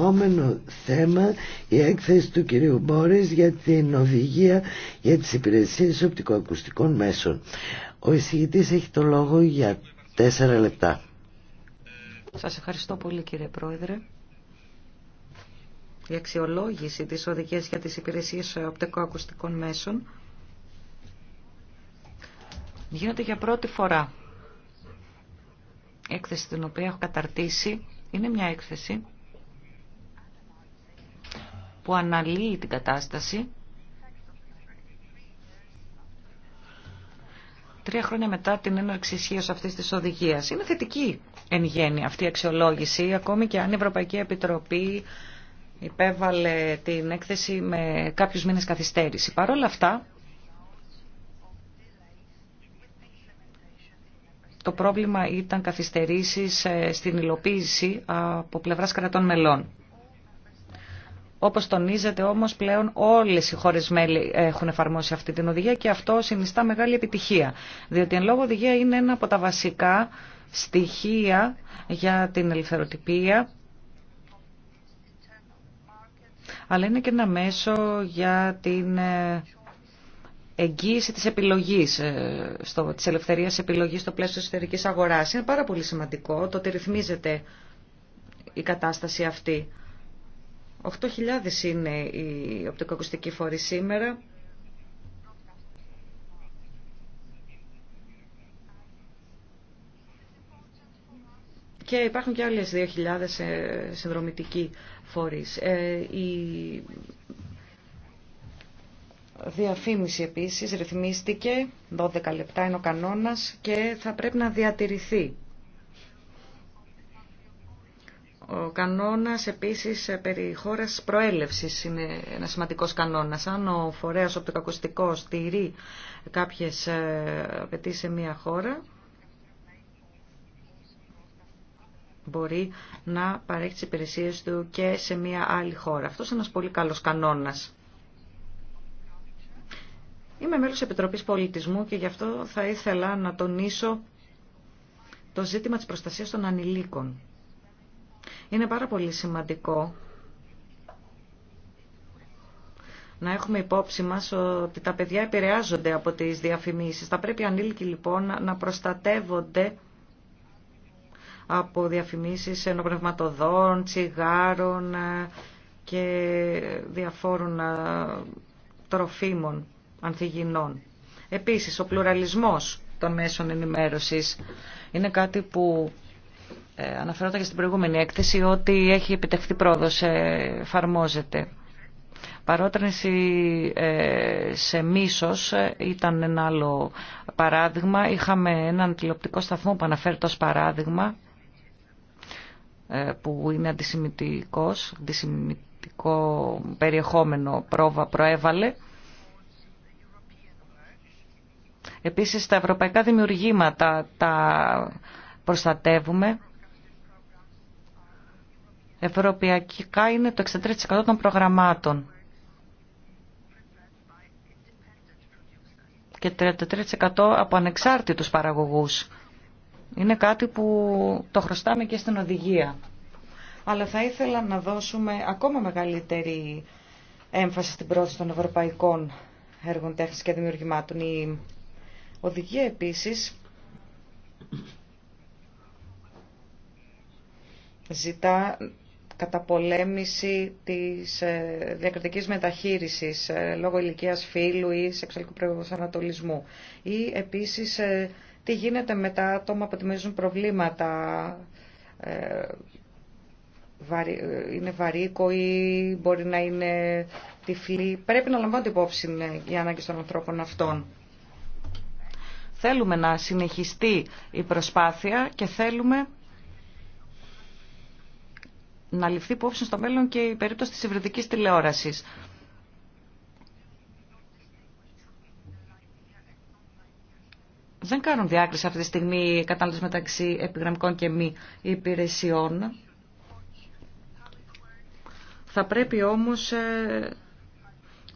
επόμενο θέμα η έκθεση του κυρίου Μπόρις για την οδηγία για τις υπηρεσίες οπτικοακουστικών μέσων. Ο εισηγητής έχει το λόγο για τέσσερα λεπτά. Σας ευχαριστώ πολύ κύριε Πρόεδρε. Η αξιολόγηση της οδηγίας για τις υπηρεσίες οπτικοακουστικών μέσων γίνεται για πρώτη φορά. Η έκθεση την οποία έχω καταρτήσει είναι μια έκθεση που αναλύει την κατάσταση. Τρία χρόνια μετά την έναρξη ισχύω αυτή τη οδηγία. Είναι θετική εν γέννη αυτή η αξιολόγηση, ακόμη και αν η Ευρωπαϊκή Επιτροπή υπέβαλε την έκθεση με κάποιους μήνες καθυστέρηση. Παρ' όλα αυτά, το πρόβλημα ήταν καθυστερήσεις ε, στην υλοποίηση από πλευράς κρατών μελών. Όπως τονίζεται όμως πλέον όλες οι χώρες μέλη έχουν εφαρμόσει αυτή την οδηγία και αυτό συνιστά μεγάλη επιτυχία. Διότι εν λόγω οδηγία είναι ένα από τα βασικά στοιχεία για την ελευθεροτυπία αλλά είναι και ένα μέσο για την ε, εγγύηση της επιλογής, ε, στο, της ελευθερίας επιλογής στο πλαίσιο της εσωτερικής αγοράς. Είναι πάρα πολύ σημαντικό το ότι ρυθμίζεται η κατάσταση αυτή. 8.000 είναι οι οπτικοακουστικοί φορεί σήμερα. Και υπάρχουν και άλλες 2.000 ε, συνδρομητικοί φορείς. Ε, η διαφήμιση επίσης ρυθμίστηκε, 12 λεπτά είναι ο κανόνας και θα πρέπει να διατηρηθεί. Ο κανόνας επίσης ε, περί χώρας προέλευσης είναι ένα σημαντικός κανόνας. Αν ο φορέας οπτικοακουστικός τηρεί κάποιες ε, απαιτήσει σε μια χώρα, μπορεί να παρέχει τις υπηρεσίες του και σε μια άλλη χώρα. Αυτός είναι ένας πολύ καλός κανόνας. Είμαι μέλος Επιτροπής Πολιτισμού και γι' αυτό θα ήθελα να τονίσω το ζήτημα της προστασίας των ανηλίκων. Είναι πάρα πολύ σημαντικό να έχουμε υπόψη μας ότι τα παιδιά επηρεάζονται από τις διαφημίσεις. Θα πρέπει ανήλικοι λοιπόν να προστατεύονται από διαφημίσεις ενοπνευματοδών, τσιγάρων και διαφόρων ε, τροφίμων ανθυγινών. Επίσης, ο πλουραλισμός των μέσων ενημέρωσης είναι κάτι που ε, αναφερόταν και στην προηγούμενη έκθεση ότι έχει επιτευχθεί πρόοδος, ε, εφαρμόζεται. Παρότρινση ε, σε μίσος ήταν ένα άλλο παράδειγμα. Είχαμε έναν τηλεοπτικό σταθμό που αναφέρεται ως παράδειγμα που είναι αντισημιτικός, αντισημιτικό περιεχόμενο πρόβα προέβαλε. Επίσης τα ευρωπαϊκά δημιουργήματα τα προστατεύουμε Ευρωπαϊκά είναι το 63% των προγραμμάτων και 33% από ανεξάρτητους παραγωγούς. Είναι κάτι που το χρωστάμε και στην οδηγία. Αλλά θα ήθελα να δώσουμε ακόμα μεγαλύτερη έμφαση στην πρόθεση των ευρωπαϊκών έργων τέχνης και δημιουργημάτων. Η οδηγία επίσης ζητά καταπολέμηση της ε, διακριτικής μεταχείρισης ε, λόγω ηλικίας φύλου ή σεξουαλικού προσανατολισμού. Ή επίσης ε, τι γίνεται με τα άτομα που αντιμετωπίζουν προβλήματα, είναι βαρύκο ή μπορεί να είναι τυφλή. Πρέπει να λαμβάνονται υπόψη οι ανάγκες των ανθρώπων αυτών. Θέλουμε να συνεχιστεί η προσπάθεια και θέλουμε να ληφθεί υπόψη στο μέλλον και η περίπτωση της υβριδικής τηλεόρασης. Δεν κάνουν διάκριση αυτή τη στιγμή οι κατάλληλες μεταξύ επιγραμμικών και μη υπηρεσιών. Θα πρέπει όμως ε,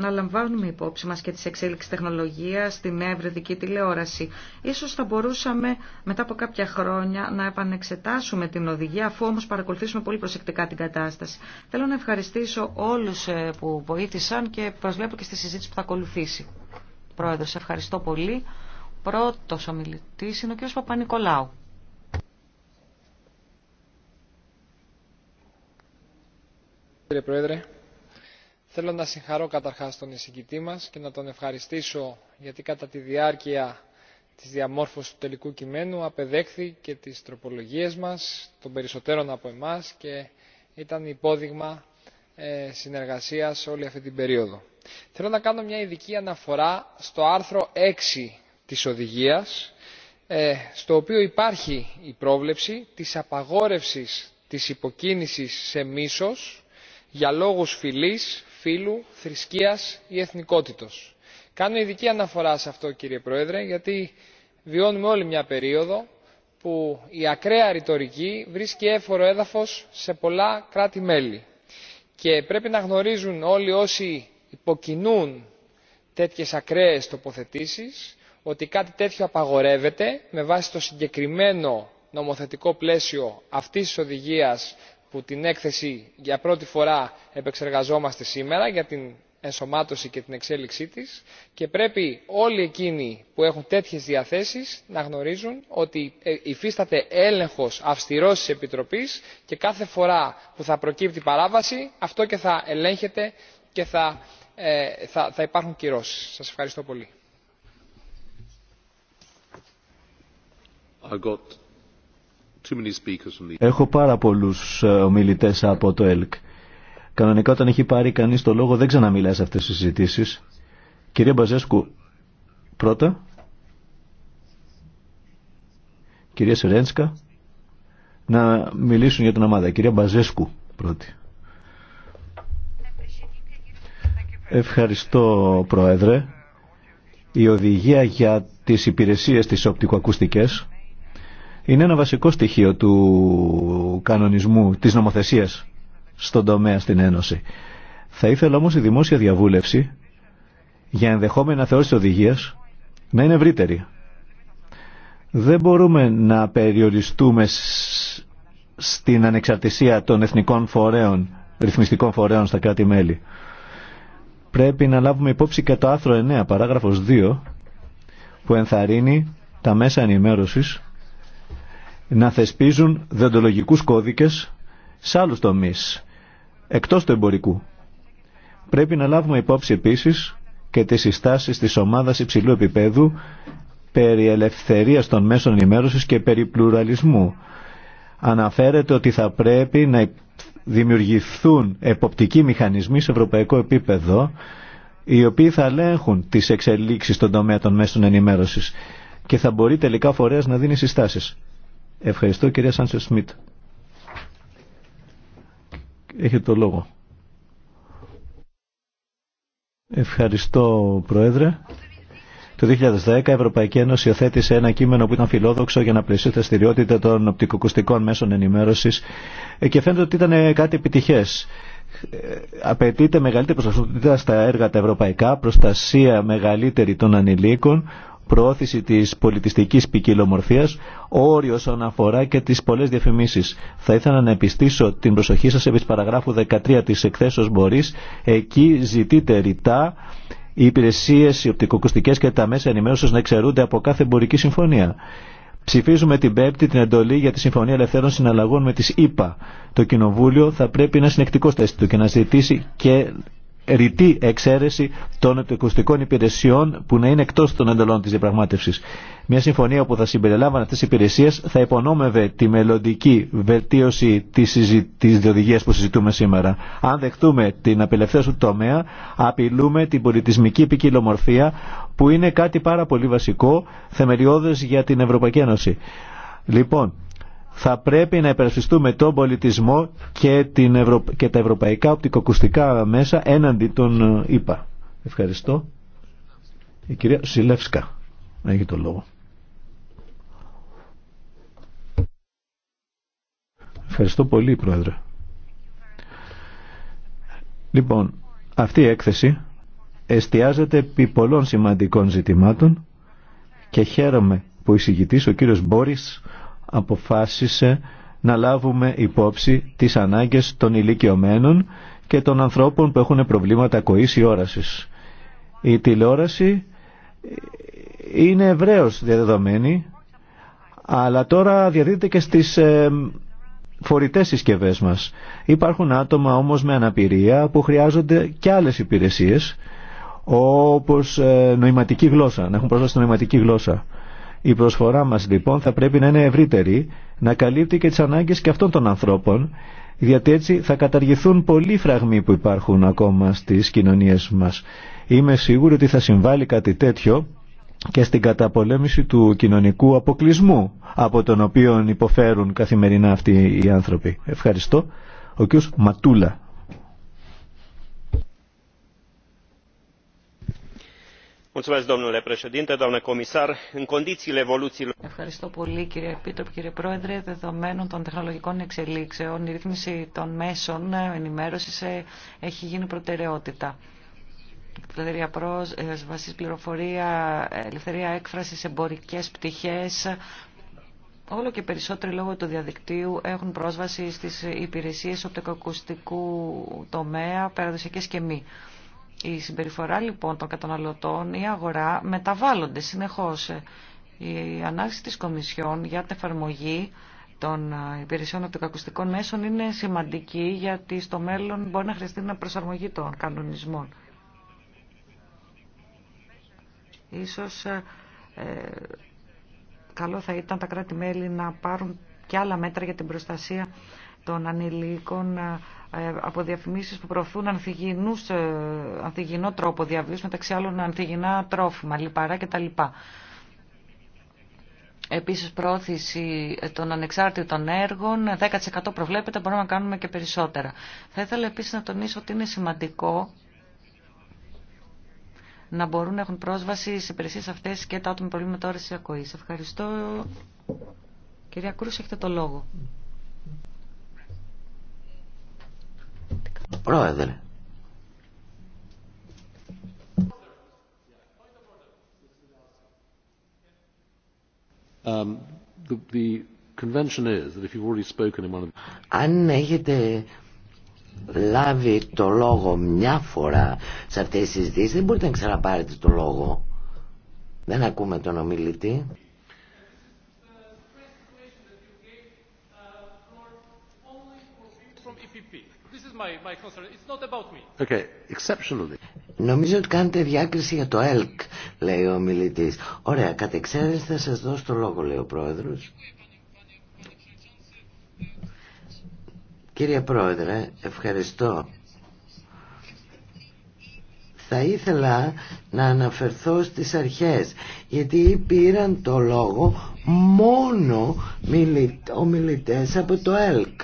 να λαμβάνουμε υπόψη μας και τις εξέλιξεις τεχνολογίας στην τη τηλεόραση. Ίσως θα μπορούσαμε μετά από κάποια χρόνια να επανεξετάσουμε την οδηγία, αφού όμως παρακολουθήσουμε πολύ προσεκτικά την κατάσταση. Θέλω να ευχαριστήσω όλους ε, που βοήθησαν και προσβλέπω και στη συζήτηση που θα ακολουθήσει. σε ευχαριστώ πολύ. Πρώτος ομιλητής είναι ο κ. Παπα-Νικολάου. Κύριε Πρόεδρε, Θέλω να συγχαρώ καταρχάς τον εισηγητή μας και να τον ευχαριστήσω γιατί κατά τη διάρκεια της διαμόρφωσης του τελικού κειμένου απεδέχθη και τις τροπολογίες μας, των περισσότερων από εμάς και ήταν υπόδειγμα ε, συνεργασίας όλη αυτή την περίοδο. Θέλω να κάνω μια ειδική αναφορά στο άρθρο 6 της οδηγίας ε, στο οποίο υπάρχει η πρόβλεψη της απαγόρευσης της υποκίνησης σε μίσος για λόγους φυλής φύλου θρησκείας ή εθνικότητος. κάνω ειδική αναφορά σε αυτό κύριε πρόεδρε γιατί βιώνουμε όλη μια περίοδο που η ακραία ρητορική βρίσκει έφορο έδαφος σε πολλά κράτη μέλη και πρέπει να γνωρίζουν όλοι όσοι υποκινούν τέτοιες ακραίες τοποθετήσεις ότι κάτι τέτοιο απαγορεύεται με βάση το συγκεκριμένο νομοθετικό πλαίσιο αυτής της οδηγίας που την έκθεση για πρώτη φορά επεξεργαζόμαστε σήμερα για την ενσωμάτωση και την εξέλιξή της και πρέπει όλοι εκείνοι που έχουν τέτοιες διαθέσεις να γνωρίζουν ότι ε, υφίσταται έλεγχος αυστηρός της Επιτροπής και κάθε φορά που θα προκύπτει παράβαση αυτό και θα ελέγχεται και θα, ε, θα, θα υπάρχουν κυρώσεις. Σας ευχαριστώ πολύ. Έχω πάρα πολλού ε, ομιλητές από το ΕΛΚ. Κανονικά όταν έχει πάρει κανείς το λόγο δεν ξαναμιλάει σε αυτές τις συζητήσεις. Κυρία Μπαζέσκου, πρώτα. Κυρία Σερένσκα, να μιλήσουν για την ομάδα. Κυρία Μπαζέσκου, πρώτη. Ευχαριστώ, Πρόεδρε. Η οδηγία για τις υπηρεσίες της οπτικοακουστικές είναι ένα βασικό στοιχείο του κανονισμού, της νομοθεσίας στον τομέα στην Ένωση. Θα ήθελα όμως η δημόσια διαβούλευση για ενδεχόμενα θεώρηση οδηγίας να είναι ευρύτερη. Δεν μπορούμε να περιοριστούμε στην ανεξαρτησία των εθνικών φορέων, ρυθμιστικών φορέων στα κράτη-μέλη. Πρέπει να λάβουμε υπόψη και το άρθρο 9, παράγραφος 2, που ενθαρρύνει τα μέσα ενημέρωσης να θεσπίζουν δεντολογικούς κώδικες σε άλλους τομείς, εκτός του εμπορικού. Πρέπει να λάβουμε υπόψη επίσης και τις συστάσεις της ομάδας υψηλού επίπεδου περί ελευθερίας των μέσων ενημέρωσης και περί πλουραλισμού. Αναφέρεται ότι θα πρέπει να δημιουργηθούν εποπτικοί μηχανισμοί σε ευρωπαϊκό επίπεδο οι οποίοι θα ελέγχουν τις εξελίξεις στον τομέα των μέσων ενημέρωσης και θα μπορεί τελικά φορέας να δίνει συστάσεις. Ευχαριστώ κυρία Σάντσε Σμιτ. Έχετε το λόγο. Ευχαριστώ Πρόεδρε. Το 2010 η Ευρωπαϊκή Ένωση υιοθέτησε ένα κείμενο που ήταν φιλόδοξο για να πλαισίσει τα στηριότητα των οπτικοκουστικών μέσων ενημέρωσης και φαίνεται ότι ήταν κάτι επιτυχές απαιτείται μεγαλύτερη προστασία στα έργα τα ευρωπαϊκά, προστασία μεγαλύτερη των ανηλίκων, προώθηση της πολιτιστικής ποικιλομορφία, όριο όσον αφορά και τις πολλές διαφημίσεις. Θα ήθελα να επιστήσω την προσοχή σας επί παραγράφου 13 της εκθέσεως Μπορείς. Εκεί ζητείτε ρητά οι υπηρεσίες, οι οπτικοκουστικές και τα μέσα ενημέρωση να εξαιρούνται από κάθε εμπορική συμφωνία. Ψηφίζουμε την Πέμπτη την εντολή για τη Συμφωνία Ελευθέρων Συναλλαγών με τις ΗΠΑ. Το Κοινοβούλιο θα πρέπει να είναι συνεκτικό στα και να ζητήσει και ρητή εξαίρεση των εκουστικών υπηρεσιών που να είναι εκτός των εντολών της διαπραγμάτευσης. Μια συμφωνία που θα συμπεριλάμβανε αυτές τις υπηρεσίες θα υπονόμευε τη μελλοντική βελτίωση της, της διοδηγίας που συζητούμε σήμερα. Αν δεχτούμε την απελευθέρωση του τομέα, απειλούμε την πολιτισμική ποικιλομορφία που είναι κάτι πάρα πολύ βασικό, θεμελιώδες για την Ευρωπαϊκή Ένωση. Λοιπόν, θα πρέπει να υπερασπιστούμε τον πολιτισμό και, την και τα ευρωπαϊκά οπτικοκουστικά μέσα έναντι των ΙΠΑ. Ε, Ευχαριστώ. Η κυρία Σιλεύσκα έχει το λόγο. Ευχαριστώ πολύ, Πρόεδρε. Λοιπόν, αυτή η έκθεση εστιάζεται επί πολλών σημαντικών ζητημάτων και χαίρομαι που εισηγητής ο κύριος Μπόρις αποφάσισε να λάβουμε υπόψη τις ανάγκες των ηλικιωμένων και των ανθρώπων που έχουν προβλήματα ακοής ή όρασης. Η τηλεόραση είναι ευρέως διαδεδομένη, αλλά τώρα διαδίδεται και στις ε, φορητές συσκευές μας. Υπάρχουν άτομα όμως με αναπηρία που χρειάζονται και άλλες υπηρεσίες, όπως ε, νοηματική γλώσσα, να έχουν πρόσβαση στη νοηματική γλώσσα. Η προσφορά μας λοιπόν θα πρέπει να είναι ευρύτερη, να καλύπτει και τις ανάγκες και αυτών των ανθρώπων, γιατί έτσι θα καταργηθούν πολλοί φραγμοί που υπάρχουν ακόμα στις κοινωνίες μας. Είμαι σίγουρη ότι θα συμβάλλει κάτι τέτοιο και στην καταπολέμηση του κοινωνικού αποκλεισμού από τον οποίο υποφέρουν καθημερινά αυτοί οι άνθρωποι. Ευχαριστώ. Ο κ. Ματούλα. Ευχαριστώ πολύ κύριε Επίτροπε, κύριε Πρόεδρε. Δεδομένων των τεχνολογικών εξελίξεων, η ρύθμιση των μέσων ενημέρωσης ε, έχει γίνει προτεραιότητα. Ελευθερία πρόσβαση, ε, πληροφορία, ελευθερία έκφρασης, εμπορικές πτυχές. Όλο και περισσότεροι λόγω του διαδικτύου έχουν πρόσβαση στις υπηρεσίες οπτικοακουστικού τομέα, παραδοσιακές και μη. Η συμπεριφορά λοιπόν των καταναλωτών, η αγορά μεταβάλλονται συνεχώς. Η αναγκη της Κομισιόν για την εφαρμογή των ε, υπηρεσιών οπτικοακουστικών μέσων είναι σημαντική γιατί στο μέλλον μπορεί να χρειαστεί να προσαρμογή των κανονισμών. Ίσως ε, ε, καλό θα ήταν τα κράτη-μέλη να πάρουν και άλλα μέτρα για την προστασία των ανηλίκων ε, ε, από διαφημίσεις που προωθούν ανθυγινό ε, τρόπο διαβίωσης, μεταξύ άλλων ανθυγινά τρόφιμα, λιπαρά κτλ. Επίσης προώθηση των ανεξάρτητων έργων, 10% προβλέπεται, μπορούμε να κάνουμε και περισσότερα. Θα ήθελα επίσης να τονίσω ότι είναι σημαντικό να μπορούν να έχουν πρόσβαση σε υπηρεσίες αυτές και τα άτομα με προβλήματα όρεσης ακοής. Ευχαριστώ. Κυρία Κρούς, έχετε το λόγο. Πρόεδρε. Αν έχετε λάβει το λόγο μια φορά σε αυτές τις συζητήσεις δεν μπορείτε να ξαναπάρετε το λόγο. Δεν ακούμε τον ομιλητή. Νομίζω ότι κάνετε διάκριση για το ΕΛΚ, λέει ο μιλητή. Ωραία, κατ' εξαίρεση θα σα δώσω το λόγο, λέει ο Πρόεδρο. Κύριε Πρόεδρε, ευχαριστώ. Θα ήθελα να αναφερθώ στις αρχές, γιατί πήραν το λόγο μόνο ομιλητές από το ΕΛΚ.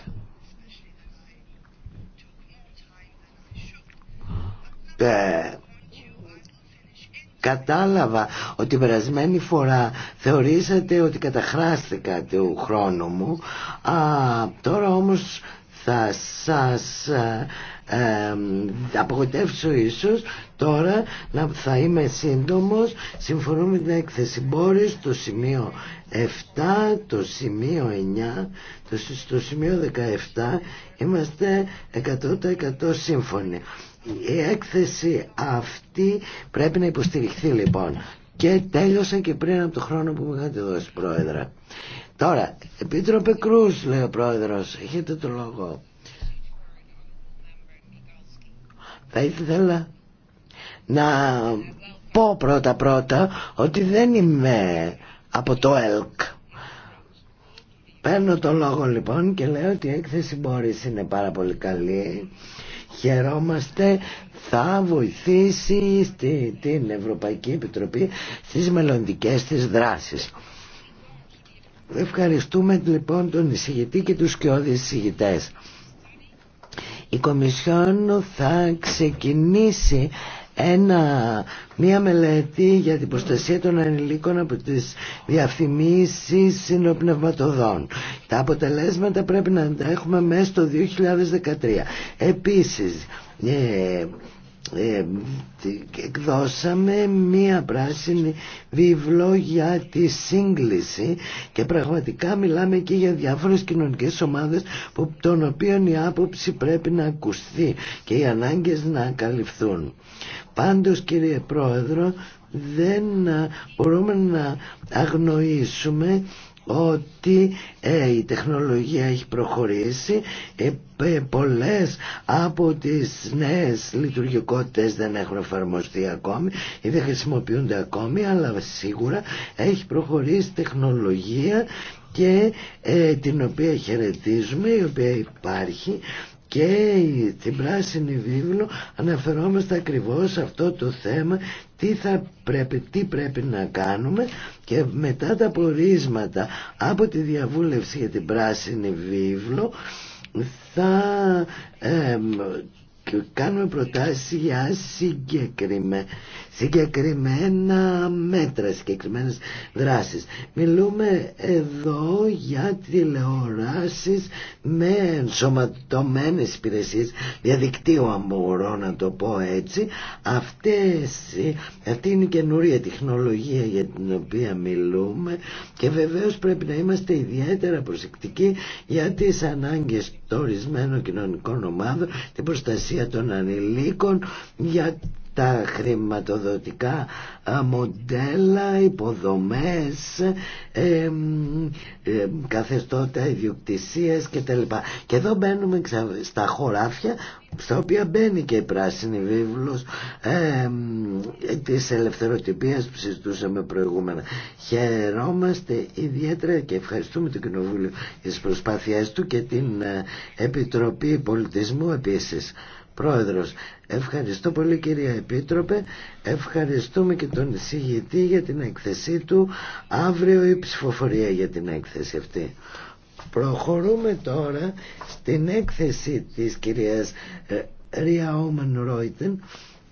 κατάλαβα ότι περασμένη φορά θεωρήσατε ότι καταχράστηκα του χρόνου μου Α, τώρα όμως θα σας ε, ε, απογοητεύσω ίσως τώρα να, θα είμαι σύντομος Συμφωνούμε με την έκθεση Μπόρις το σημείο 7 το σημείο 9 το, στο σημείο 17 είμαστε 100% σύμφωνοι η έκθεση αυτή πρέπει να υποστηριχθεί λοιπόν και τέλειωσα και πριν από το χρόνο που μου είχατε δώσει πρόεδρε τώρα επίτροπε Κρούς λέει ο πρόεδρος έχετε το λόγο θα ήθελα να πω πρώτα πρώτα ότι δεν είμαι από το ΕΛΚ Παίρνω τον λόγο λοιπόν και λέω ότι η έκθεση Μπόρις είναι πάρα πολύ καλή. Χαιρόμαστε, θα βοηθήσει την Ευρωπαϊκή Επιτροπή στις μελλοντικές της δράσεις. Ευχαριστούμε λοιπόν τον εισηγητή και τους σκιώδεις εισηγητές. Η Κομισιόν θα ξεκινήσει ένα, μια μελέτη για την προστασία των ανηλίκων από τις διαφημίσεις συνοπνευματοδών. Τα αποτελέσματα πρέπει να τα έχουμε μέσα στο 2013. Επίσης, ε, εκδώσαμε μία πράσινη βιβλό για τη σύγκληση και πραγματικά μιλάμε και για διάφορες κοινωνικές ομάδες που, των οποίων η άποψη πρέπει να ακουστεί και οι ανάγκες να καλυφθούν. Πάντως κύριε Πρόεδρο δεν μπορούμε να αγνοήσουμε ότι ε, η τεχνολογία έχει προχωρήσει ε, πολλές από τις νέες λειτουργικότητες δεν έχουν εφαρμοστεί ακόμη ή δεν χρησιμοποιούνται ακόμη αλλά σίγουρα έχει προχωρήσει τεχνολογία και ε, την οποία χαιρετίζουμε η οποία υπάρχει και την πράσινη βίβλο αναφερόμαστε ακριβώς σε αυτό το θέμα τι, θα πρέπει, τι πρέπει να κάνουμε και μετά τα πορίσματα από τη διαβούλευση για την πράσινη βίβλο θα και κάνουμε προτάσεις για συγκεκριμένα, συγκεκριμένα μέτρα, συγκεκριμένε δράσεις. Μιλούμε εδώ για τηλεοράσει με ενσωματωμένε υπηρεσίε, διαδικτύου αν μπορώ να το πω έτσι. Αυτές, αυτή είναι η καινούρια τεχνολογία για την οποία μιλούμε και βεβαίω πρέπει να είμαστε ιδιαίτερα προσεκτικοί για τι ανάγκε των ορισμένων κοινωνικών ομάδων, την προστασία για των ανηλίκων για τα χρηματοδοτικά ε, μοντέλα, υποδομές, ε, ε, καθεστώτα ιδιοκτησίας κτλ. Και εδώ μπαίνουμε στα χωράφια στα οποία μπαίνει και η πράσινη βίβλος ε, της ελευθεροτυπίας που συζητούσαμε προηγούμενα. Χαιρόμαστε ιδιαίτερα και ευχαριστούμε το Κοινοβούλιο για τις προσπάθειές του και την ε, Επιτροπή Πολιτισμού επίσης Πρόεδρος. Ευχαριστώ πολύ κυρία Επίτροπε. Ευχαριστούμε και τον εισηγητή για την έκθεσή του. Αύριο η ψηφοφορία για την έκθεση αυτή. Προχωρούμε τώρα στην έκθεση της κυρίας ε, Ρία Όμεν Ρόιτεν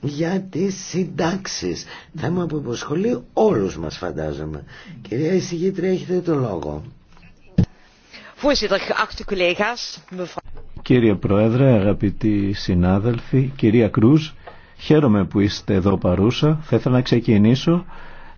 για τις συντάξεις. Θέμα που υποσχολεί όλους μας φαντάζομαι. Κυρία εισηγήτρια έχετε το λόγο. Voorzitter, geachte Κύριε Πρόεδρε, αγαπητοί συνάδελφοι, κυρία Κρούζ, χαίρομαι που είστε εδώ παρούσα. Θα ήθελα να ξεκινήσω